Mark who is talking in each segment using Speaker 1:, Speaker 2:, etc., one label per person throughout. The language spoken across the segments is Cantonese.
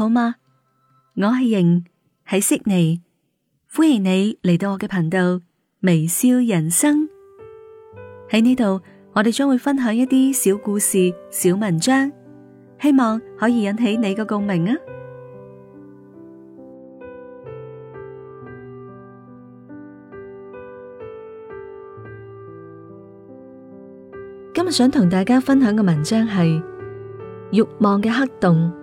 Speaker 1: 好嗎？我係瑩，喺悉尼，歡迎你嚟到我嘅頻道微笑人生。喺呢度，我哋將會分享一啲小故事、小文章，希望可以引起你嘅共鳴啊！今日想同大家分享嘅文章係欲望嘅黑洞。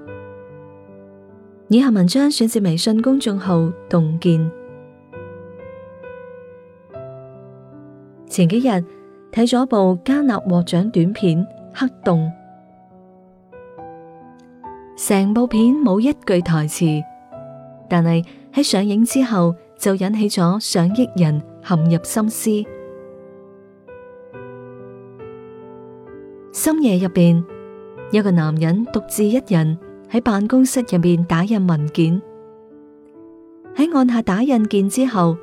Speaker 1: 以下文章選自微信公眾號《洞見》。前幾日睇咗部加納獲獎短片《黑洞》，成部片冇一句台詞，但係喺上映之後就引起咗上億人陷入深思。深夜入邊，有個男人獨自一人。喺辦公室入邊打印文件，喺按下打印鍵之後，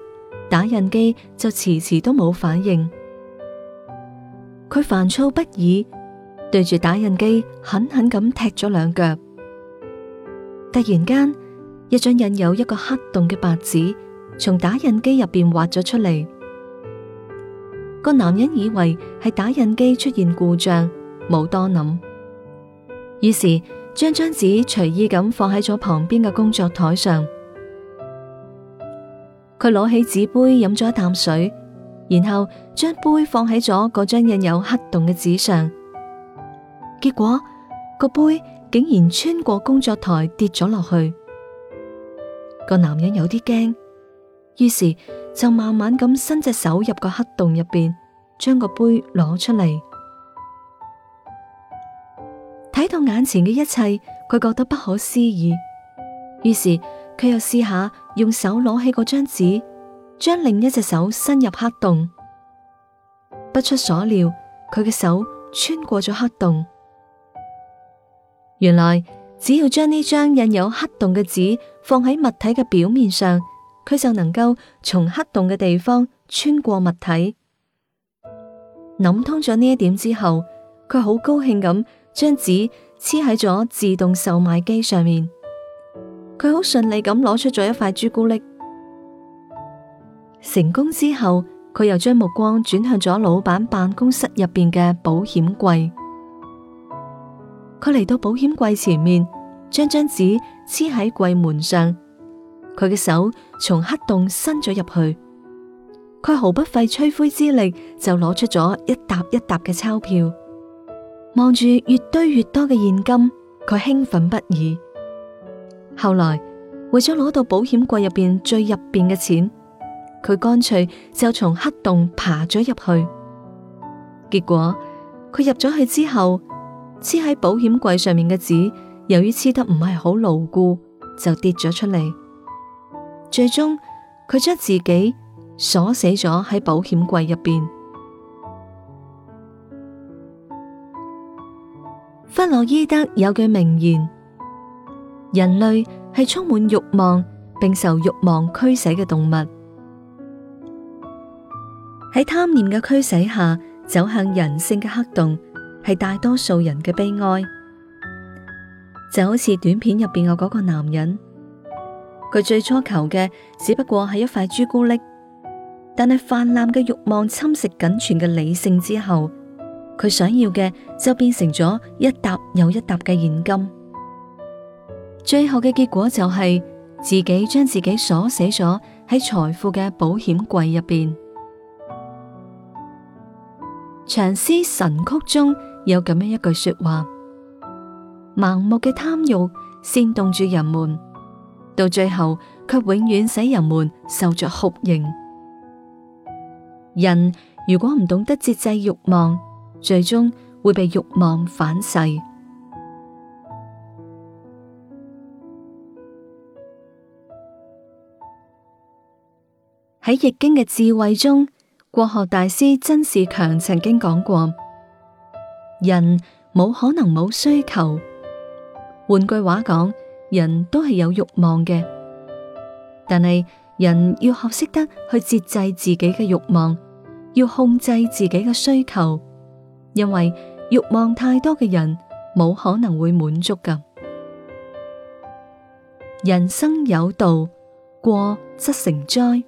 Speaker 1: 打印機就遲遲都冇反應。佢煩躁不已，對住打印機狠狠咁踢咗兩腳。突然間，一張印有一個黑洞嘅白紙從打印機入邊畫咗出嚟。個男人以為係打印機出現故障，冇多諗，於是。將張紙隨意咁放喺咗旁邊嘅工作台上，佢攞起紙杯飲咗一啖水，然後將杯放喺咗嗰張印有黑洞嘅紙上，結果，個杯竟然穿過工作台跌咗落去。個男人有啲驚，於是就慢慢咁伸隻手入個黑洞入邊，將個杯攞出嚟。睇到眼前嘅一切，佢覺得不可思議。於是，佢又試下用手攞起嗰張紙，將另一隻手伸入黑洞。不出所料，佢嘅手穿過咗黑洞。原來，只要將呢張印有黑洞嘅紙放喺物體嘅表面上，佢就能夠從黑洞嘅地方穿過物體。諗通咗呢一點之後，佢好高興咁。將紙黐喺咗自動售賣機上面，佢好順利咁攞出咗一塊朱古力。成功之後，佢又將目光轉向咗老闆辦公室入邊嘅保險櫃。佢嚟到保險櫃前面，將張紙黐喺櫃門上。佢嘅手從黑洞伸咗入去，佢毫不費吹灰之力就攞出咗一沓一沓嘅鈔票。望住越堆越多嘅現金，佢興奮不已。後來為咗攞到保險櫃入邊最入邊嘅錢，佢乾脆就從黑洞爬咗入去。結果佢入咗去之後，黐喺保險櫃上面嘅紙，由於黐得唔係好牢固，就跌咗出嚟。最終佢將自己鎖死咗喺保險櫃入邊。弗洛伊德有句名言：人類係充滿欲望並受欲望驅使嘅動物，喺貪念嘅驅使下走向人性嘅黑洞，係大多數人嘅悲哀。就好似短片入邊嘅嗰個男人，佢最初求嘅只不過係一塊朱古力，但係泛濫嘅欲望侵蝕僅存嘅理性之後。佢想要嘅就變成咗一沓又一沓嘅現金，最後嘅結果就係自己將自己鎖死咗喺財富嘅保險櫃入邊。長詩神曲中有咁樣一句說話：盲目嘅貪欲煽動住人們，到最後卻永遠使人們受着酷刑。人如果唔懂得節制欲望，最終會被慾望反噬。喺《易經》嘅智慧中，國學大師曾仕強曾經講過：人冇可能冇需求，換句話講，人都係有慾望嘅。但係人要學識得去節制自己嘅慾望，要控制自己嘅需求。因為欲望太多嘅人冇可能會滿足㗎，人生有道，過則成災。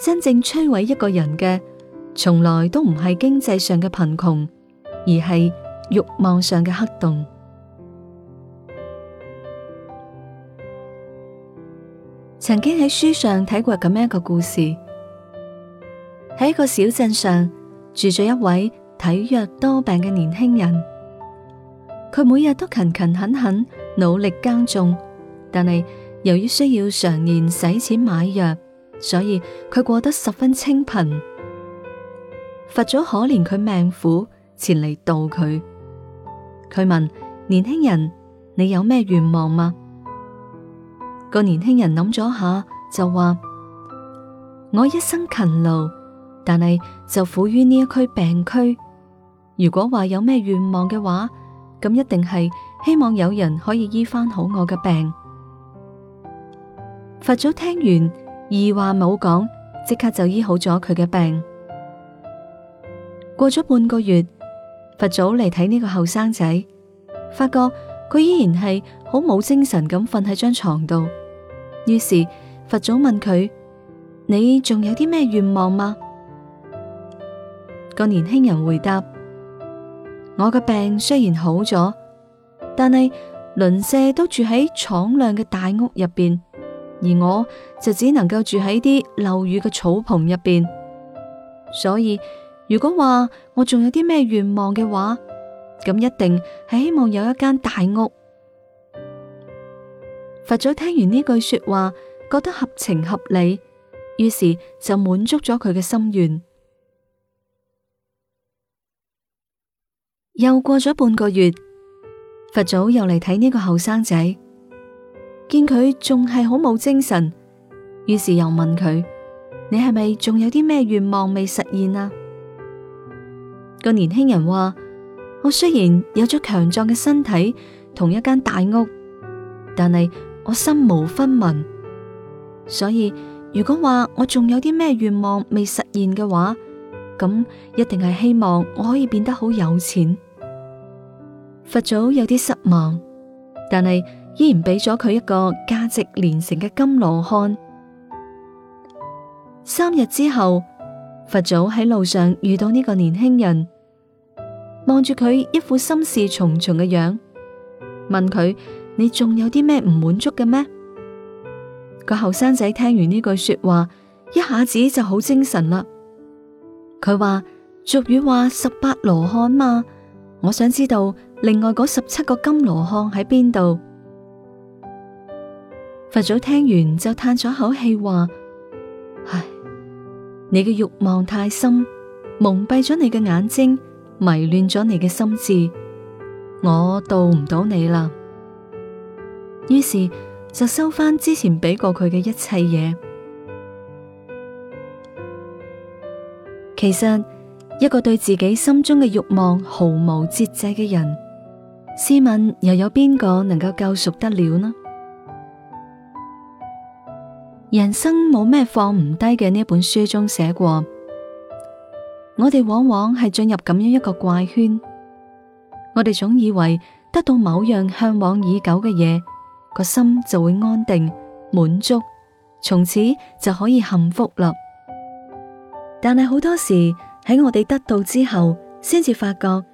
Speaker 1: 真正摧毀一個人嘅，從來都唔係經濟上嘅貧窮，而係欲望上嘅黑洞。曾經喺書上睇過咁樣一個故事，喺一個小鎮上。住咗一位體弱多病嘅年輕人，佢每日都勤勤懇懇努力耕種，但係由於需要常年使錢買藥，所以佢過得十分清貧。佛祖可憐佢命苦，前嚟度佢。佢問年輕人：你有咩願望嗎？個年輕人諗咗下，就話：我一生勤勞。但係就苦於呢一區病區。如果話有咩願望嘅話，咁一定係希望有人可以醫翻好我嘅病。佛祖聽完二話冇講，即刻就醫好咗佢嘅病。過咗半個月，佛祖嚟睇呢個後生仔，發覺佢依然係好冇精神咁瞓喺張床度。於是佛祖問佢：你仲有啲咩願望嗎？個年輕人回答：我嘅病雖然好咗，但係鄰舍都住喺敞亮嘅大屋入邊，而我就只能夠住喺啲漏雨嘅草棚入邊。所以如果話我仲有啲咩願望嘅話，咁一定係希望有一間大屋。佛祖聽完呢句說話，覺得合情合理，於是就滿足咗佢嘅心願。又過咗半個月，佛祖又嚟睇呢個後生仔，見佢仲係好冇精神，於是又問佢，你係咪仲有啲咩願望未實現啊？個年輕人話：我雖然有咗強壯嘅身體同一間大屋，但係我身無分文，所以如果話我仲有啲咩願望未實現嘅話，咁一定係希望我可以變得好有錢。佛祖有啲失望，但係依然俾咗佢一個價值連城嘅金羅漢。三日之後，佛祖喺路上遇到呢個年輕人，望住佢一副心事重重嘅樣，問佢，你仲有啲咩唔滿足嘅咩？個後生仔聽完呢句說話，一下子就好精神啦。佢話，俗語話十八羅漢嘛，我想知道。另外嗰十七個金羅漢喺邊度？佛祖聽完就嘆咗口氣話：唉，你嘅欲望太深，蒙蔽咗你嘅眼睛，迷亂咗你嘅心智，我到唔到你啦。於是就收翻之前俾過佢嘅一切嘢。其實一個對自己心中嘅欲望毫無節制嘅人。試問又有邊個能夠救贖得了呢？人生冇咩放唔低嘅。呢本書中寫過，我哋往往係進入咁樣一個怪圈。我哋總以為得到某樣嚮往已久嘅嘢，個心就會安定滿足，從此就可以幸福啦。但係好多時喺我哋得到之後，先至發覺，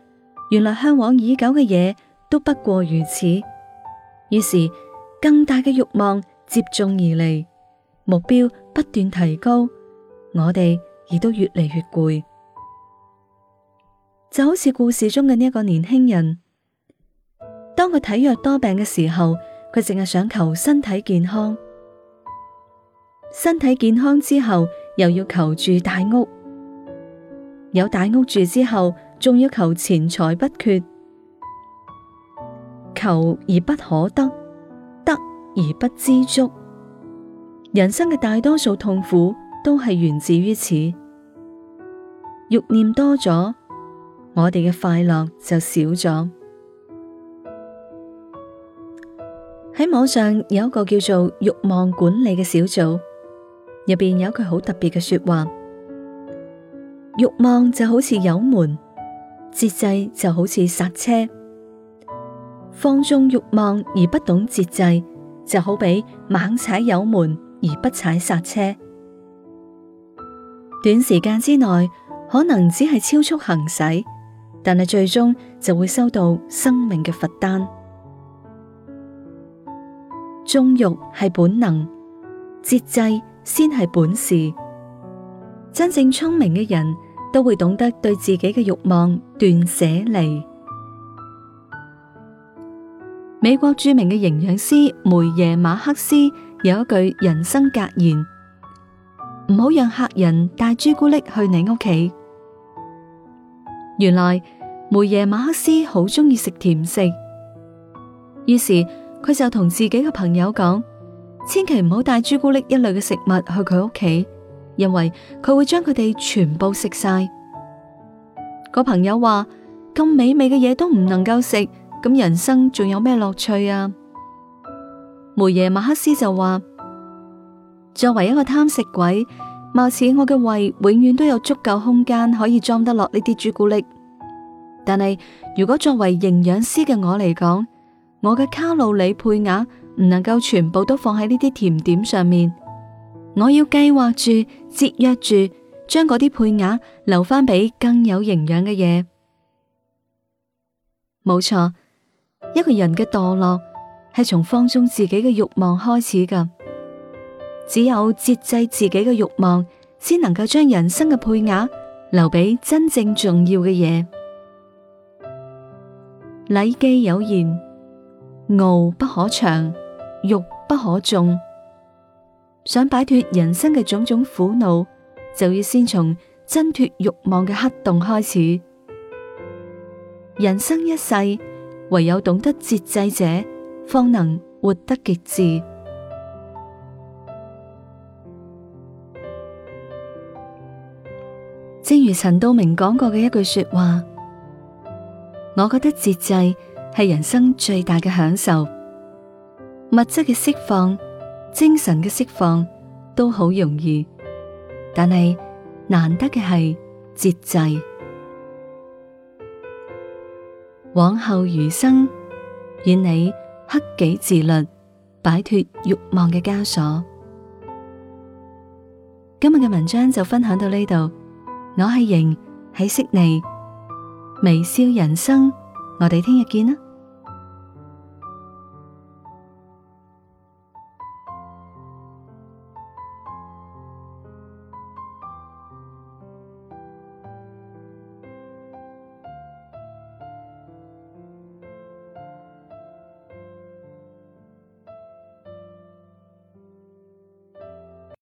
Speaker 1: 原來嚮往已久嘅嘢，都不過如此，於是更大嘅欲望接踵而嚟，目標不斷提高，我哋亦都越嚟越攰。就好似故事中嘅呢一個年輕人，當佢體弱多病嘅時候，佢淨係想求身體健康；身體健康之後，又要求住大屋；有大屋住之後，仲要求錢財不缺。求而不可得，得而不知足。人生嘅大多數痛苦都係源自於此。欲念多咗，我哋嘅快樂就少咗。喺網上有一個叫做欲望管理嘅小組，入邊有一句好特別嘅說話：欲望就好似油門，節制就好似剎車。放縱欲望而不懂節制，就好比猛踩油門而不踩剎車。短時間之內可能只係超速行駛，但係最終就會收到生命嘅罰單。縱慾係本能，節制先係本事。真正聰明嘅人都會懂得對自己嘅欲望斷捨離。美國著名嘅營養師梅耶馬克思有一句人生格言：唔好讓客人帶朱古力去你屋企。原來梅耶馬克思好鍾意食甜食，於是佢就同自己嘅朋友講：千祈唔好帶朱古力一類嘅食物去佢屋企，因為佢會將佢哋全部食晒。個朋友話：咁美味嘅嘢都唔能夠食。咁人生仲有咩樂趣啊？梅耶馬克思就話：作為一個貪食鬼，貌似我嘅胃永遠都有足夠空間可以裝得落呢啲朱古力。但係如果作為營養師嘅我嚟講，我嘅卡路里配額唔能夠全部都放喺呢啲甜點上面。我要計劃住，節約住，將嗰啲配額留翻俾更有營養嘅嘢。冇錯。一個人嘅墮落係從放鬆自己嘅欲望開始噶，只有節制自己嘅慾望，先能夠將人生嘅配額留俾真正重要嘅嘢。禮記有言：傲不可長，欲不可縱。想擺脫人生嘅種種苦惱，就要先從掙脫慾望嘅黑洞開始。人生一世。唯有懂得節制者，方能活得極致。正如陳道明講過嘅一句說話，我覺得節制係人生最大嘅享受。物質嘅釋放、精神嘅釋放都好容易，但係難得嘅係節制。往後餘生，願你克己自律，擺脫慾望嘅枷鎖。今日嘅文章就分享到呢度，我係瑩，喺悉尼微笑人生，我哋聽日見啦。